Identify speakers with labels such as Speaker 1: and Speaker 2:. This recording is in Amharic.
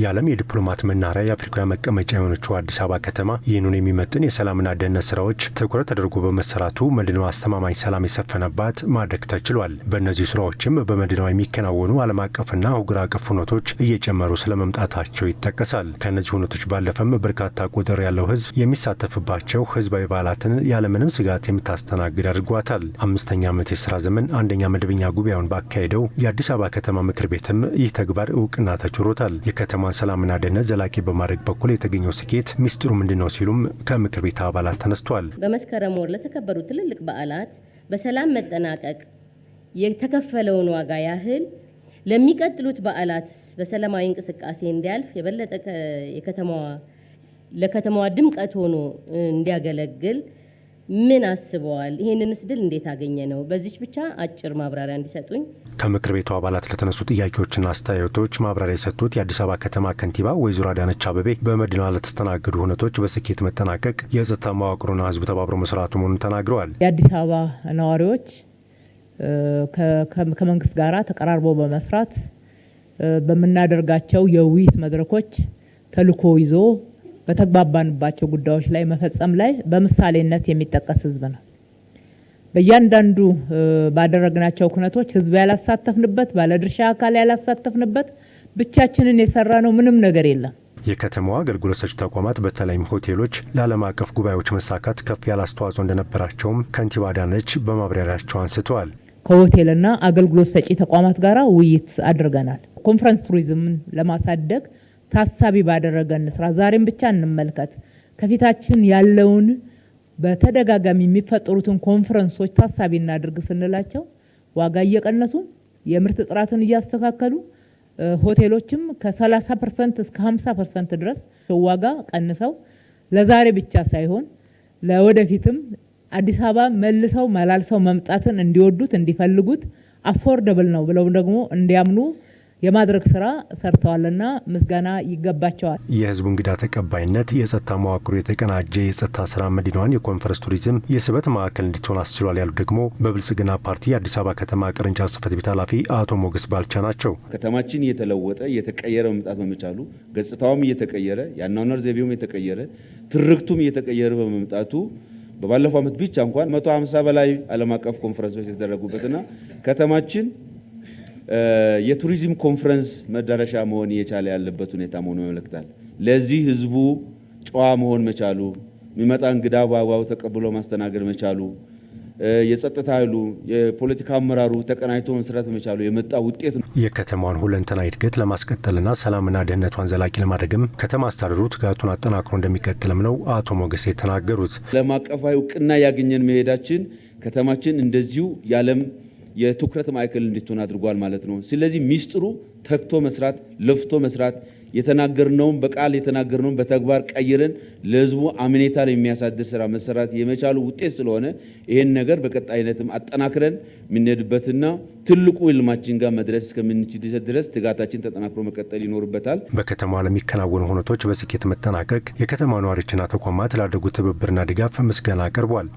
Speaker 1: የዓለም የዲፕሎማት መናኸሪያ የአፍሪካ መቀመጫ የሆነችው አዲስ አበባ ከተማ ይህንን የሚመጥን የሰላምና ደህንነት ስራዎች ትኩረት ተደርጎ በመሰራቱ መዲናዋ አስተማማኝ ሰላም የሰፈነባት ማድረግ ተችሏል። በእነዚህ ስራዎችም በመዲናዋ የሚከናወኑ ዓለም አቀፍና አህጉር አቀፍ ሁነቶች እየጨመሩ ስለመምጣታቸው ይጠቀሳል። ከእነዚህ ሁነቶች ባለፈም በርካታ ቁጥር ያለው ህዝብ የሚሳተፍባቸው ህዝባዊ በዓላትን ያለምንም ስጋት የምታስተናግድ አድርጓታል። አምስተኛ ዓመት የስራ ዘመን አንደኛ መደበኛ ጉባኤውን ባካሄደው የአዲስ አበባ ከተማ ምክር ቤትም ይህ ተግባር እውቅና ተችሮታል። የፓርላማ ሰላምና ደህንነት ዘላቂ በማድረግ በኩል የተገኘው ስኬት ሚስጥሩ ምንድን ነው ሲሉም ከምክር ቤት አባላት ተነስቷል።
Speaker 2: በመስከረም ወር ለተከበሩ ትልልቅ በዓላት በሰላም መጠናቀቅ የተከፈለውን ዋጋ ያህል ለሚቀጥሉት በዓላት በሰላማዊ እንቅስቃሴ እንዲያልፍ የበለጠ የከተማዋ ለከተማዋ ድምቀት ሆኖ እንዲያገለግል ምን አስበዋል? ይህንን ስድል እንዴት አገኘ ነው? በዚች ብቻ አጭር ማብራሪያ እንዲሰጡኝ።
Speaker 1: ከምክር ቤቱ አባላት ለተነሱ ጥያቄዎችና አስተያየቶች ማብራሪያ የሰጡት የአዲስ አበባ ከተማ ከንቲባ ወይዘሮ አዳነች አበቤ በመዲናዋ ለተስተናገዱ ሁነቶች በስኬት መጠናቀቅ የጸጥታ መዋቅሩና ህዝቡ ተባብሮ መስራቱ መሆኑን ተናግረዋል።
Speaker 3: የአዲስ አበባ ነዋሪዎች ከመንግስት ጋር ተቀራርቦ በመስራት በምናደርጋቸው የውይይት መድረኮች ተልኮ ይዞ በተግባባንባቸው ጉዳዮች ላይ መፈጸም ላይ በምሳሌነት የሚጠቀስ ህዝብ ነው። በእያንዳንዱ ባደረግናቸው ኩነቶች ህዝብ ያላሳተፍንበት፣ ባለድርሻ አካል ያላሳተፍንበት፣ ብቻችንን የሰራ ነው ምንም ነገር የለም።
Speaker 1: የከተማዋ አገልግሎት ሰጪ ተቋማት በተለይም ሆቴሎች ለዓለም አቀፍ ጉባኤዎች መሳካት ከፍ ያለ አስተዋጽኦ እንደነበራቸውም ከንቲባ አዳነች በማብራሪያቸው አንስተዋል።
Speaker 3: ከሆቴልና አገልግሎት ሰጪ ተቋማት ጋር ውይይት አድርገናል። ኮንፈረንስ ቱሪዝምን ለማሳደግ ታሳቢ ባደረገ እንስራ። ዛሬም ብቻ እንመልከት። ከፊታችን ያለውን በተደጋጋሚ የሚፈጠሩትን ኮንፈረንሶች ታሳቢ እናድርግ ስንላቸው ዋጋ እየቀነሱ የምርት ጥራትን እያስተካከሉ ሆቴሎችም ከ30 ፐርሰንት እስከ 50 ፐርሰንት ድረስ ዋጋ ቀንሰው ለዛሬ ብቻ ሳይሆን ለወደፊትም አዲስ አበባ መልሰው መላልሰው መምጣትን እንዲወዱት እንዲፈልጉት አፎርደብል ነው ብለው ደግሞ እንዲያምኑ የማድረግ ስራ ሰርተዋልና ምስጋና ይገባቸዋል።
Speaker 1: የህዝቡ እንግዳ ተቀባይነት፣ የጸጥታ መዋቅሩ የተቀናጀ የጸጥታ ስራ መዲናዋን የኮንፈረንስ ቱሪዝም የስበት ማዕከል እንድትሆን አስችሏል ያሉት ደግሞ በብልጽግና ፓርቲ የአዲስ አበባ ከተማ ቅርንጫፍ ጽህፈት ቤት ኃላፊ አቶ ሞገስ ባልቻ ናቸው።
Speaker 4: ከተማችን እየተለወጠ እየተቀየረ መምጣት በመቻሉ ገጽታውም እየተቀየረ የአኗኗር ዘይቤውም እየተቀየረ ትርክቱም እየተቀየረ በመምጣቱ በባለፈው ዓመት ብቻ እንኳን 150 በላይ ዓለም አቀፍ ኮንፈረንሶች የተደረጉበትና ከተማችን የቱሪዝም ኮንፈረንስ መዳረሻ መሆን እየቻለ ያለበት ሁኔታ መሆኑ ያመለክታል። ለዚህ ህዝቡ ጨዋ መሆን መቻሉ፣ የሚመጣ እንግዳ በአግባቡ ተቀብሎ ማስተናገድ መቻሉ፣ የጸጥታ ኃይሉ፣ የፖለቲካ አመራሩ ተቀናጅቶ መስራት መቻሉ የመጣ ውጤት ነው።
Speaker 1: የከተማዋን ሁለንተና እድገት ለማስቀጠልና ሰላምና ደህንነቷን ዘላቂ ለማድረግም ከተማ አስተዳደሩ ትጋቱን አጠናክሮ እንደሚቀጥልም ነው አቶ ሞገስ የተናገሩት።
Speaker 4: ለማቀፋዊ እውቅና ያገኘን መሄዳችን ከተማችን እንደዚሁ የዓለም የትኩረት ማዕከል እንድትሆን አድርጓል ማለት ነው። ስለዚህ ሚስጥሩ ተግቶ መስራት፣ ለፍቶ መስራት የተናገርነውን በቃል የተናገርነውን በተግባር ቀይረን ለሕዝቡ ላይ የሚያሳድር ስራ መሰራት የመቻሉ ውጤት ስለሆነ ይህን ነገር በቀጣይነትም አጠናክረን የምንሄድበትና ትልቁ ህልማችን ጋር መድረስ እስከምንችል ድረስ ትጋታችን ተጠናክሮ መቀጠል ይኖርበታል።
Speaker 1: በከተማዋ ለሚከናወኑ ሁነቶች በስኬት መጠናቀቅ የከተማ ነዋሪዎችና ተቋማት ላደጉ ትብብርና ድጋፍ ምስጋና አቅርቧል።